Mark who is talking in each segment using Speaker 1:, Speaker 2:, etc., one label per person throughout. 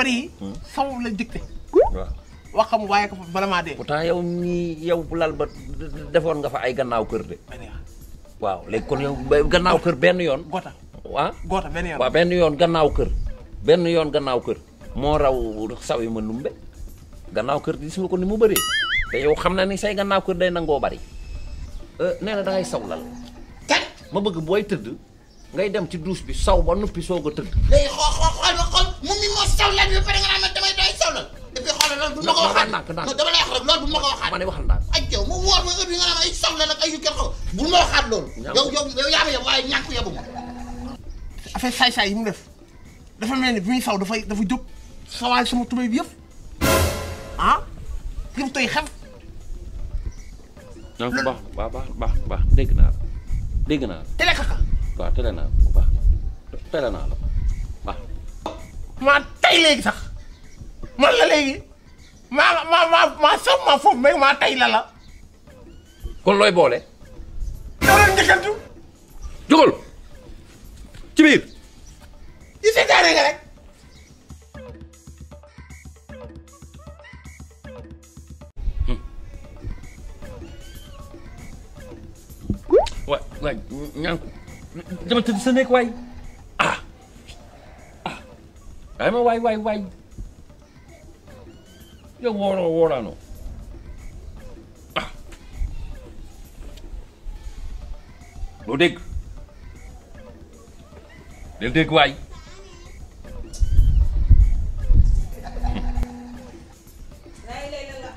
Speaker 1: fan yi saw hmm. lañ dicté waxam waaye ko vraiment de. pourtant yow mii yow lal ba defoon nga fa ay gannaaw kër de. waaw léegi kon yow gannaaw kër benn yoon. gota ah gota benn yoon. gannaaw kër. benn yoon gannaaw kër moo raw saw yi ma numbe gannaaw kër gis nga ko ni mu bëree te yow xam na ni say gannaaw kër day nangoo bari euh, nee na dangay saw lal ma bëgg booy tëdd ngay dem ci douche bi saw ba nuppi soog a tëdd. moom mi moo sawlal bi ba pare nga naan man damay doy sawlal et puis xoolal loolu bu ko waxaat non dama wax rek loolu bu ma ko ma ne waxal daal ma heure bi nga naan ay sawlal ak ay yu kenn xaw bul ma waxaat loolu yow yow yow yaa ma yow waaye ñàkk yobu ma affaire saay yi mu def dafa mel ni bi muy saw dafa jóg sawaay sama tubéy bi yëpp ah li mu toy xel non la naa la la naa la
Speaker 2: maa tay léegi
Speaker 1: sax man la maa maa maa maa sàmm maa maa tay la kon looy boole. dara njëkkantu. jógal
Speaker 2: ci biir. di
Speaker 1: seetaane nga rek.
Speaker 2: waay hmm. waay ñaan ko dama tëdd sa nekk waay. ay ma waay waay waay yow wooroo wooraanoo ah loo dégg del dégg waay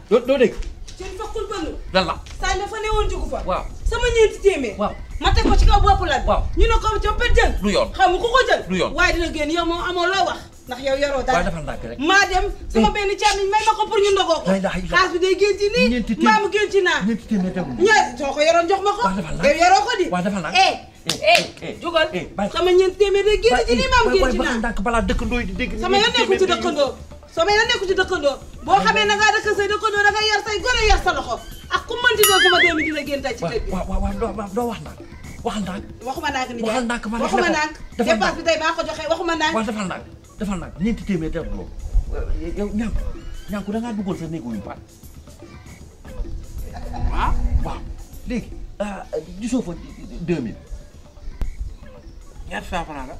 Speaker 2: doo doo dégg seen fokkul bënn lan la saa dafa newoon jugu fa waaw sama ñeenti téeméer waaw ma teg ko ci kaw bopp la waaw ñu ne ko jëmpet jël du yoon xam nga ku ko jël du yoon waaye dina génn yow ndax yow yoroo dara maa dem sama benn càmmiñ may ma ko pour ñu ndogoo ko xaas bi day génn ci nii maa mu génn ci naa ñaar soo ko yoroon jox ma ko yow yoroo ko di eh eh jugal sama ñeent téeméer day génn ci nii maa mu génn ci naa balaa dëkkandoo yi di dégg sama yoon nekku ci dëkkandoo sama yoon nekku ci dëkkandoo boo xamee na ngaa dëkk say dëkkandoo da ngay yar say gone yar sa loxo ak ku mënti doon sama doom yi dina génn tey ci kër gi doo wax nag waxal nag waxuma nag ni waxuma nag dépense bi tey maa ko joxe waxuma nag dafa nag ñeenti téeméer def loolu yow ñànku ñànku da ngaa duggoon sa néegu yu baat ah waaw léegi ah, gisoo fa deux mille ñaata saafara la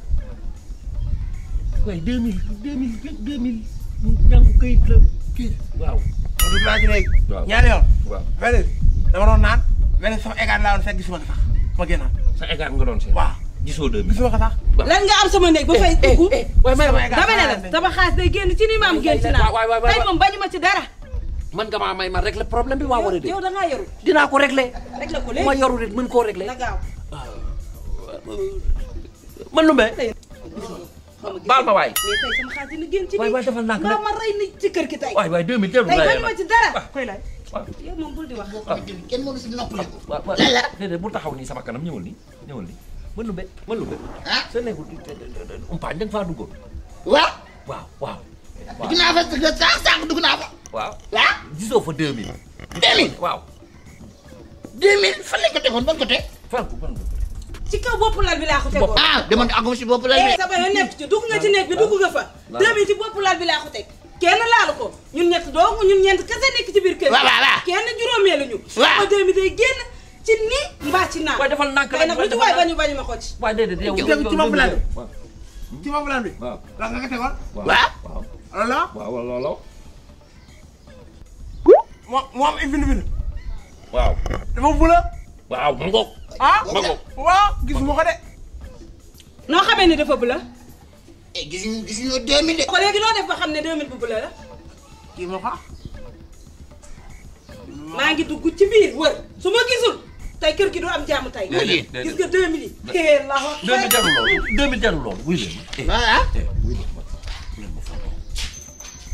Speaker 2: koy deux mille deux mille deux mille ñànku këyit la kii waaw du maa ngi léegi ñaari yoon waaw
Speaker 1: dama doon naan wene sax égaar laa doon fekk gisuma sax ma génnaat sa égaar nga doon si waaw
Speaker 2: gisoo deux mille. gisoo ko sax. lan nga am sama néeg ba fay dugg. Eh, eh, eh, waaye may may dama ne la sama xaalis day génn ci ni ma am génn ci naa ma ci dara. man nga maa may ma régler problème bi waa war a dee. yow da ngaa yoru. dinaa ko régler. régler ko ma yoru nit mën koo régler. man lu mbee. baal ma waay. mais tey sama xaalis dina génn ci nii. waay defal naa ci kër gi tey. waay waay deux mille tey bañu ma ci dara. Ah. koy laaj ah. yow moom bul di wax. Ah. kenn mënu si noppaliku. la la bu taxaw nii sama kanam ñëwal nii ñëwal nii mën lu be
Speaker 1: mën lu be. ah sa nekkul umpaañ da nga faa duggoon. waaw. waaw waaw. waaw dugg naa fa sax sax dugg naa fa. waaw naa ah? fa 2000. 2000 waaw. 2000 fan lañ ko tegoon ban côté. fan ko lal bi laa
Speaker 2: ko tegoon. ah demoon nga àgguma si bopp lal bi. Eh, sama yoon nekk ci dugg nga ci nekk bi dugg nga fa. 2000 ci bopp lal bi laa ko teg. kenn laalu ko ñun ñett dong nekk ci biir kër. waaw waaw kenn juróomeelu ñu. waaw sama 2000 day génn. ci nii mbaa ci naan. waaye defal la nag lu ci waay bañu bi. ci bopp lan
Speaker 1: bi. waaw lan nga ko tegoon. waaw loola. waaw
Speaker 2: loola. moo gis nga ko de. noo xamee ne dafa bula. eh gis ñu gis ñu 2000 de. ko léegi loo def ba ne 2000 bu bula la. maa ngi dugg ci biir kër gi doo am jàmm tey. gis nga deux mille yi. la wax deux mille jarul loolu deux mille jarul loolu wuy leen ma. Eh, ah eh, wuy leen ma leen ma foto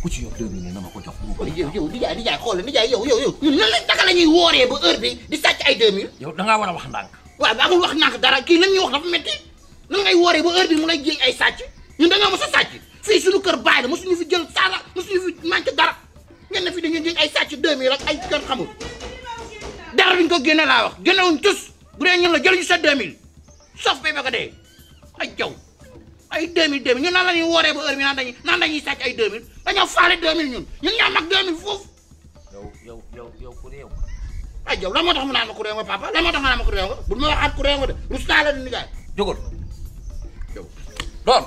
Speaker 2: ku ci yor deux mille na ma ko jox.
Speaker 1: yow yow di jaay di jaay xoolal di jaay yow yow yow ñun lan la naka la ñuy wooree ba heure bi di sàcc ay deux mille.
Speaker 2: yow da ngaa war a wax ndànk.
Speaker 1: waaw ba amul wax ndànk dara kii lan ñuy wax dafa métti nan ngay wooree ba heure bi mu lay jël ay sàcc ñun da ngaa mos a sàcc fii suñu kër bàyyi la mosuñu fi jël saala mosuñu fi manqué dara ngeen ne fi dañuy jël ay sàcc deux mille rek ay kër xamul ko a laa wax génnewuñ tus bu dee ñun la jël ñu sa 2000 sof bi be ko dee ay jaw ay 2000 2000 ñun nan la ñuy wooree ba heure bi naan dañuy naan dañuy sàcc ay 2000 dañoo faale 2000 ñun ñun ñoo mag 2000 foofu.
Speaker 2: yow yow yow yow ku
Speaker 1: jaw lan moo tax mu naan ma ku nga ma naan ma ku réew nga bu ma waxaat ku réew nga de rus naa la ni gaay jógal jaw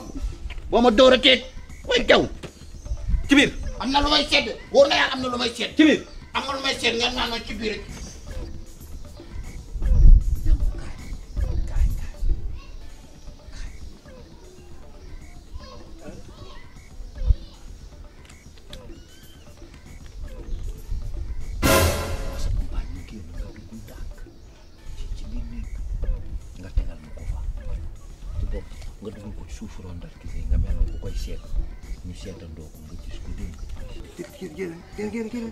Speaker 1: boo ma dóor a teeg way jaw am na lu may sedd wóor na yàlla am na lu may sedd ci am na lu may sedd nga naan ma ci biir rek nga dugg ko suuf rondal gisee nga mel ne ku koy seet ñu seetandoo ko nga gis ko dégg.
Speaker 2: génn génn génn génn.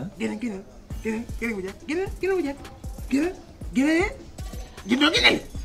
Speaker 2: ah génn génn génn génn bu jàpp génn